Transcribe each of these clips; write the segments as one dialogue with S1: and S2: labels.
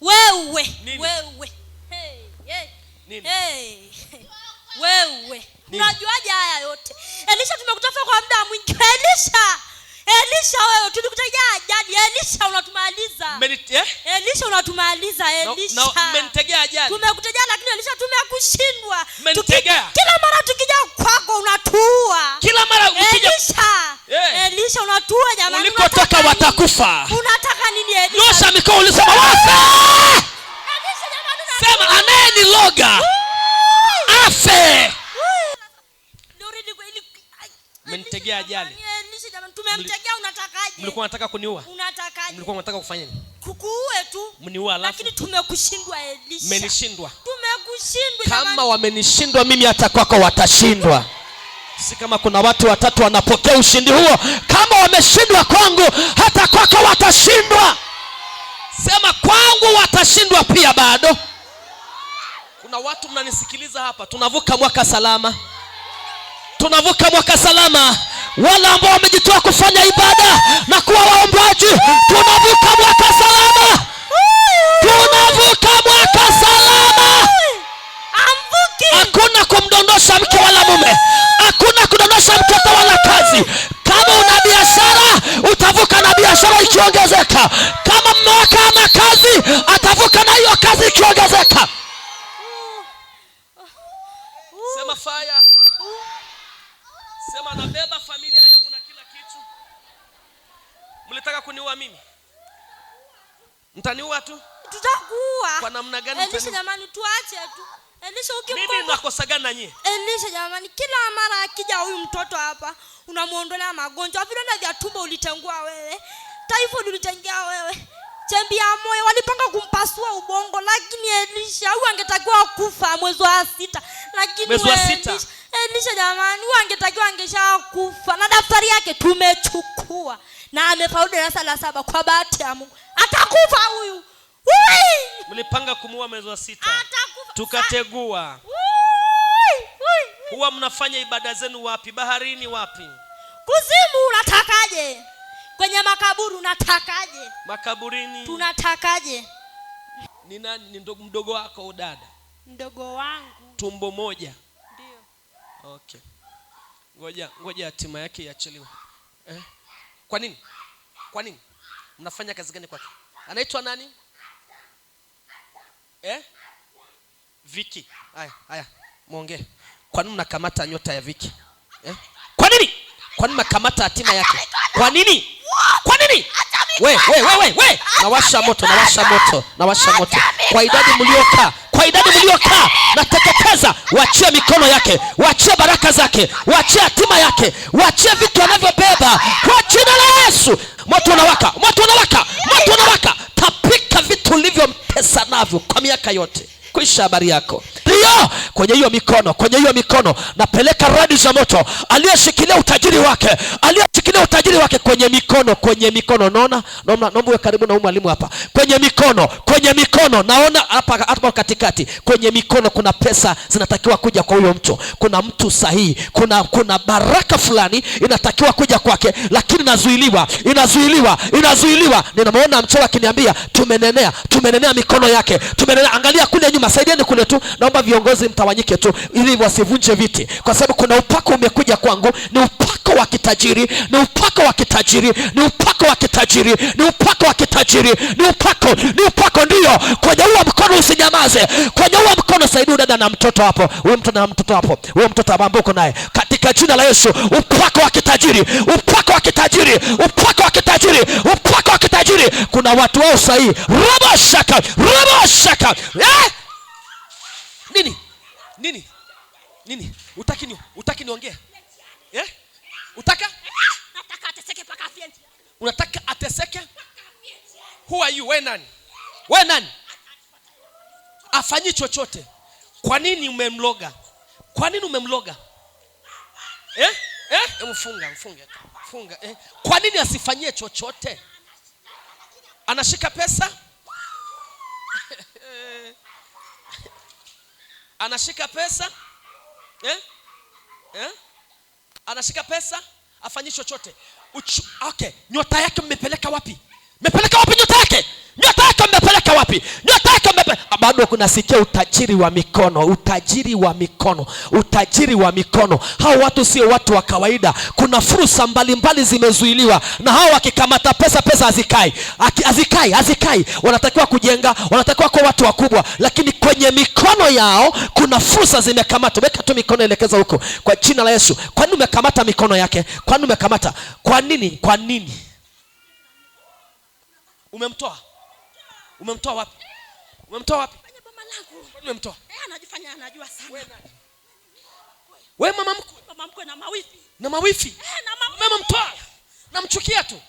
S1: wewe wewe wewe unajuaje haya yote Elisha tumekutafuta kwa muda mwingi Elisha Elisha wewe tulikutajia ajali Elisha
S2: unatumaliza
S1: eh? Elisha unatumaliza Elisha mmenitegea ajali tumekutegea lakini Elisha tumekushindwa kila mara tukija kwako
S2: unatuua kila
S1: mara ukija Elisha yeah. Elisha unatuua jamani
S2: ulikotoka watakufa mloga afe. Mmenitegea ajali.
S1: Eh, tumemtegea unatakaje?
S2: Mlikuwa unataka kuniua?
S1: Unatakaje? Mlikuwa
S2: unataka kufanya nini?
S1: Kukuue tu. Mniua alafu. Lakini tumekushindwa
S2: Tumekushindwa. Kama wamenishindwa mimi hata kwako watashindwa. Si kama kuna watu watatu wanapokea ushindi huo, kama wameshindwa kwangu hata kwako watashindwa. Sema kwangu watashindwa pia bado kuna watu mnanisikiliza hapa, tunavuka mwaka salama, tunavuka mwaka salama. Wale ambao wamejitoa kufanya ibada na kuwa waombaji, tunavuka mwaka salama, tunavuka mwaka
S1: salama.
S2: Hakuna kumdondosha mke wala mume, hakuna kudondosha mtoto wala kazi. Kama una biashara, utavuka na biashara ikiongezeka. Kama mmeweka na kazi Sema nabeba familia yangu na kila kitu. Mlitaka kuniua mimi,
S1: mtaniua tu.
S2: Tutakuua
S1: kwa namna gani? Elisha jamani, tuache tu. Elisha ukimkosa
S2: mimi nakosa gani na
S1: nyie? Elisha jamani, kila mara akija huyu mtoto hapa unamuondolea magonjwa, vidonda vya tumbo ulitengua wewe, typhoid ulitengea wewe tembea moyo, walipanga kumpasua ubongo, lakini Elisha huyu angetakiwa kufa mwezi wa sita, lakini mwezi wa sita Elisha, Elisha jamani, huyu angetakiwa angesha kufa, na daftari yake tumechukua na amefaulu darasa la saba. Kwa bahati ya Mungu atakufa huyu.
S2: Mlipanga kumuua mwezi wa sita, tukategua. Huwa mnafanya ibada zenu wapi? Baharini
S1: wapi? Kuzimu unatakaje? kwenye makaburi
S2: unatakaje
S1: makaburini
S2: tunatakaje ni nani ni mdogo wako dada mdogo wangu
S1: tumbo moja
S2: ndio okay ngoja ngoja hatima yake iachiliwe eh? kwa nini kwa nini mnafanya kazi gani kwake anaitwa nani eh? viki haya haya mwongee kwa nini mnakamata nyota ya viki eh? kwa nini kwa nini mnakamata hatima yake kwa nini? Kwa nini? We, we, we, we. we. Nawasha moto, nawasha moto, nawasha moto kwa idadi mliokaa, kwa idadi mliokaa nateketeza. Wachie mikono yake, wachie baraka zake, wachie hatima yake, wachie vitu anavyobeba kwa jina la Yesu. Moto unawaka, moto unawaka, moto unawaka, tapika vitu ulivyomtesa navyo kwa miaka yote. Kuisha habari yako ndio kwenye hiyo mikono, kwenye hiyo mikono napeleka radi za moto, aliyeshikilia utajiri wake Alia utajiri wake kwenye mikono, kwenye mikono. Naona naomba uwe karibu na mwalimu hapa, kwenye mikono, kwenye mikono. Naona hapa hapa katikati, kwenye mikono kuna pesa zinatakiwa kuja kwa huyo mtu, kuna mtu sahihi, kuna kuna baraka fulani inatakiwa kuja kwake, lakini inazuiliwa, inazuiliwa, inazuiliwa. Ninamwona mchoro akiniambia tumenenea, tumenenea mikono yake, tumenenea. Angalia kule nyuma, saidieni kule tu. Naomba viongozi mtawanyike tu, ili wasivunje viti, kwa sababu kuna upako umekuja kwangu, ni upako wa kitajiri, ni upako upako wa kitajiri, ni upako wa kitajiri, ni upako wa kitajiri, ni upako, ni upako. Ndio kwenye huo mkono usinyamaze, kwenye huo mkono saidi dada na mtoto hapo, huyo mtoto na mtoto hapo, huyo mtoto ambaye uko naye katika jina la Yesu, upako wa kitajiri, upako wa kitajiri, upako wa kitajiri, upako wa kitajiri. Kuna watu wao sahihi, roba shaka, roba shaka eh? nini nini nini, utaki ni utaki niongee eh? utaka unataka ateseke? Who are you? We nani? We nani? Afanyi chochote. Kwa nini umemloga? Kwa nini umemloga? Eh? Eh? Mfunga, mfunga. Funga. Eh? Kwa nini asifanyie chochote? Anashika pesa? Anashika pesa? Eh? Eh? Anashika pesa? Afanyi chochote uchu, okay, nyota yake mmepeleka wapi? Mmepeleka wapi nyota yake? nyota yako mmepeleka wapi? Nyota yako mmepeleka ah, bado. Kunasikia utajiri wa mikono, utajiri wa mikono, utajiri wa mikono. Hao watu sio watu wa kawaida. Kuna fursa mbalimbali zimezuiliwa na hao, wakikamata pesa, pesa hazikai, hazikai, hazikai. Wanatakiwa kujenga, wanatakiwa kuwa watu wakubwa, lakini kwenye mikono yao kuna fursa zimekamata. Weka tu mikono, elekeza huko kwa jina la Yesu. Kwani umekamata mikono yake? Kwani umekamata? Kwa nini? Kwa nini umemtoa Umemtoa wapi? Umemtoa
S1: wapi? Kwenye boma langu.
S2: Kwani umemtoa? Eh,
S1: anajifanya anajua sana. Wewe
S2: nani? Wewe
S1: mama mkwe. Mama mkwe na
S2: mawifi. Na mawifi.
S1: Eh, na mama.
S2: Umemtoa. Namchukia tu.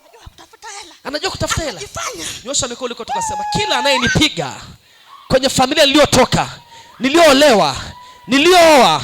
S1: Anajua kutafuta hela. Anajua
S2: kutafuta hela. Anajifanya. Nyosha mikono uliko tukasema kila anayenipiga kwenye familia niliyotoka, niliyoolewa, niliyooa,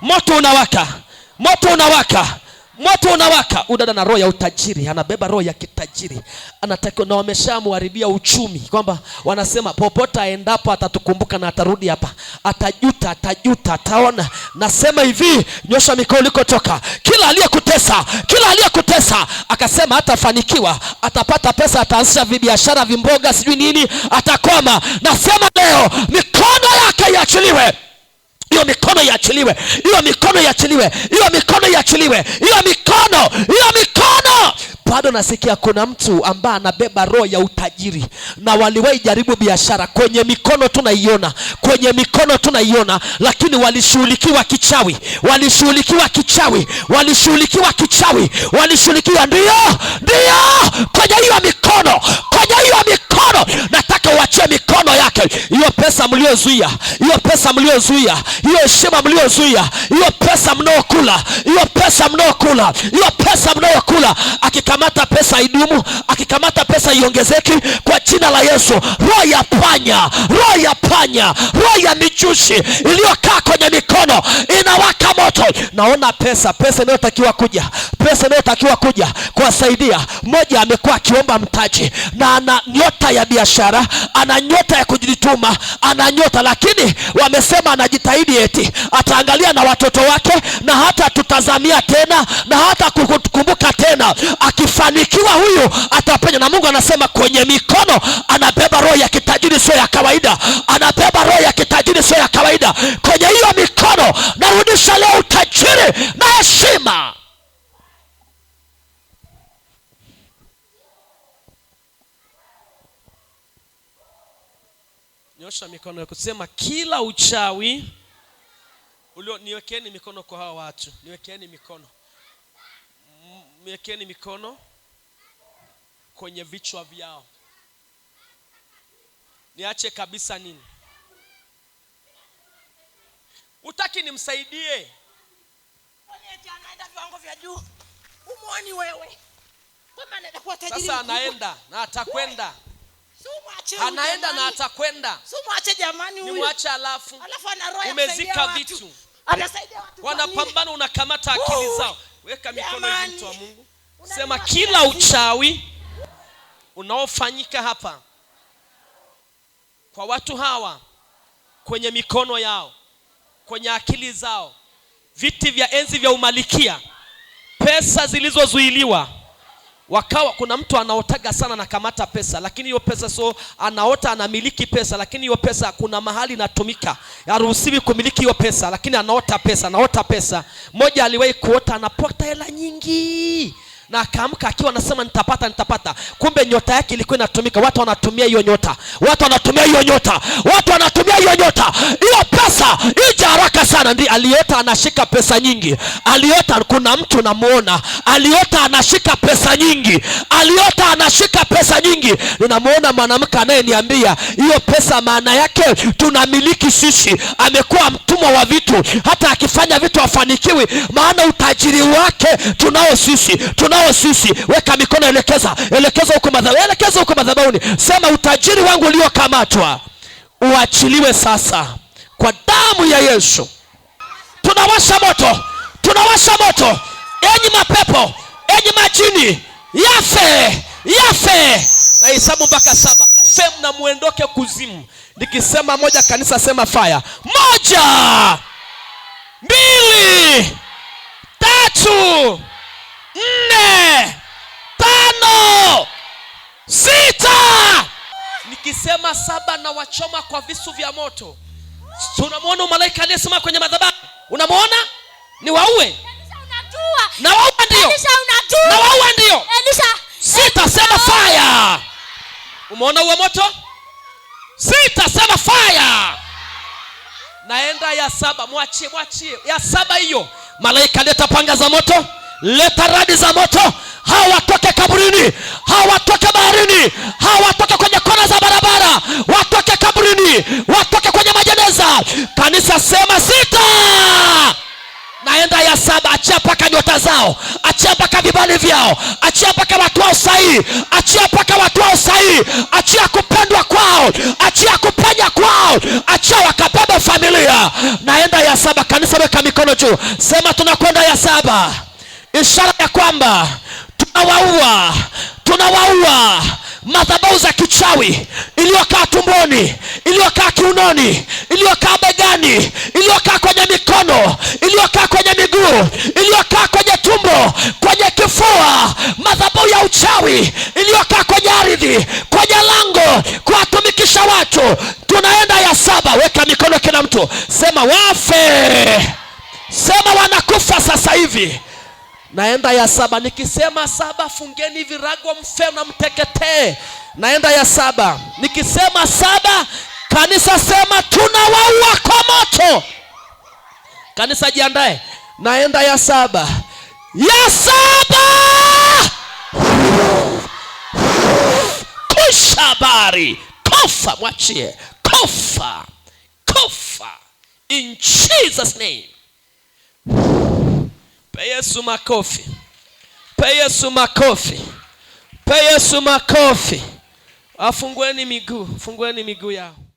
S2: moto unawaka. Moto unawaka moto unawaka. Udada na roho ya utajiri, anabeba roho ya kitajiri, anatakiwa na wameshamharibia uchumi, kwamba wanasema popote aendapo atatukumbuka na atarudi hapa, atajuta, atajuta, ataona. Nasema hivi, nyosha mikono ulikotoka. Kila aliyekutesa, kila aliyekutesa akasema atafanikiwa, atapata pesa, ataanzisha vibiashara, vimboga, sijui nini, atakoma Nasema leo mikono yake iachiliwe hiyo mikono iachiliwe, hiyo mikono iachiliwe, hiyo mikono iachiliwe, hiyo mikono, hiyo mikono. Bado nasikia kuna mtu ambaye anabeba roho ya utajiri, na waliwahi jaribu biashara kwenye mikono, tunaiona kwenye mikono tunaiona, lakini walishughulikiwa kichawi, walishughulikiwa kichawi, walishughulikiwa kichawi, walishughulikiwa. Ndio, ndio, kwenye hiyo mikono, kwenye hiyo mikono nataka hiyo pesa mliozuia, hiyo pesa mliozuia, hiyo heshima mliozuia, hiyo pesa mnaokula, hiyo pesa mnaokula, hiyo pesa mnaokula, akikamata pesa idumu, akikamata pesa iongezeki kwa jina la Yesu. Roho ya panya, roho ya panya, roho ya mijushi iliyokaa kwenye mikono inawaka moto. Naona pesa, pesa inayotakiwa kuja, pesa inayotakiwa kuja kuwasaidia. Mmoja amekuwa akiomba mtaji na ana nyota ya biashara, ana nyota ya kuji kujituma, ana nyota, lakini wamesema anajitahidi eti ataangalia na watoto wake na hata tutazamia tena na hata kukumbuka tena. Akifanikiwa huyu atapenya, na Mungu anasema kwenye mikono anabeba roho ya kitajiri, sio ya kawaida, anabeba roho ya kitajiri, sio ya kawaida. Nyosha mikono yako, sema kila uchawi ulio. Niwekeni mikono kwa hawa watu, niwekeni mikono, niwekeni mikono kwenye vichwa vyao. Niache kabisa nini, utaki nimsaidie
S1: anaenda viwango vya juu, umwoni wewe,
S2: sasa anaenda na atakwenda anaenda na
S1: atakwenda. Nimwache alafu, alafu
S2: umezika vitu, wanapambana, unakamata akili zao. Weka mikono mtu wa Mungu, sema kila uchawi unaofanyika hapa kwa watu hawa, kwenye mikono yao, kwenye akili zao, viti vya enzi vya umalikia, pesa zilizozuiliwa wakawa kuna mtu anaotaga sana anakamata pesa, lakini hiyo pesa so anaota anamiliki pesa, lakini hiyo pesa kuna mahali inatumika, haruhusiwi kumiliki hiyo pesa, lakini anaota pesa, anaota pesa. Mmoja aliwahi kuota anapata hela nyingi na akaamka akiwa anasema nitapata, nitapata. Kumbe nyota yake ilikuwa inatumika, watu wanatumia hiyo nyota, watu wanatumia hiyo nyota, watu wanatumia hiyo nyota sasa ija haraka sana, ndi aliota anashika pesa nyingi, aliota kuna mtu namuona, aliota anashika pesa nyingi, aliota anashika pesa nyingi. Ninamuona mwanamke anayeniambia hiyo pesa maana yake tunamiliki sisi. Amekuwa mtumwa wa vitu, hata akifanya vitu afanikiwi, maana utajiri wake tunao sisi, tunao sisi. Weka mikono, elekeza, elekeza huko madhabahu, elekeza huko madhabahuni, sema utajiri wangu uliokamatwa uachiliwe sasa kwa damu ya Yesu tunawasha moto, tunawasha moto, enyi mapepo, enyi majini, yafe, yafe. Na hesabu mpaka saba, mfe na muendoke kuzimu. Nikisema moja, kanisa sema faya. Moja, mbili, tatu, nne, tano, sita. Nikisema saba, na wachoma kwa visu vya moto. Unamwona malaika aliyesimama kwenye madhabahu, unamwona? Ni waue na waua ndio, na waua ndio, sitasema fire. Umeona uwe moto, sitasema fire. Naenda ya saba, mwachie, mwachie ya saba hiyo. Malaika leta panga za moto, leta radi za moto, hawatoke kaburini, hawatoke baharini, hawatoke kwenye kona za barabara, watoke kaburini. vyao, achia mpaka vibali vyao, achia mpaka watu wao sahihi, achia mpaka watu wao sahihi, achia kupendwa kwao, achia kupenya kwao, achia wakabeba familia. Naenda ya saba, kanisa weka mikono juu, sema tunakwenda ya saba, ishara ya kwamba tunawaua, tunawaua madhabau za kichawi iliyokaa tumboni, iliyokaa kiunoni, iliyokaa begani, iliyokaa kwenye mikono, iliyokaa kwenye miguu, iliyokaa kwenye tumbo, kwenye kifua, madhabau ya uchawi iliyokaa kwenye ardhi, kwenye lango, kuwatumikisha watu. Tunaenda ya saba. Weka mikono, kila mtu sema wafe, sema wanakufa sasa hivi. Naenda ya saba, nikisema saba fungeni virago mfe na mteketee. Naenda ya saba, nikisema saba, kanisa sema tunawaua kwa moto. Kanisa jiandae, naenda ya saba, ya saba kushabari kofa, mwachie kofa, kofa in Jesus name. Pe Yesu makofi, pe Yesu makofi, Pe Yesu makofi. Afungueni miguu, fungueni miguu yao.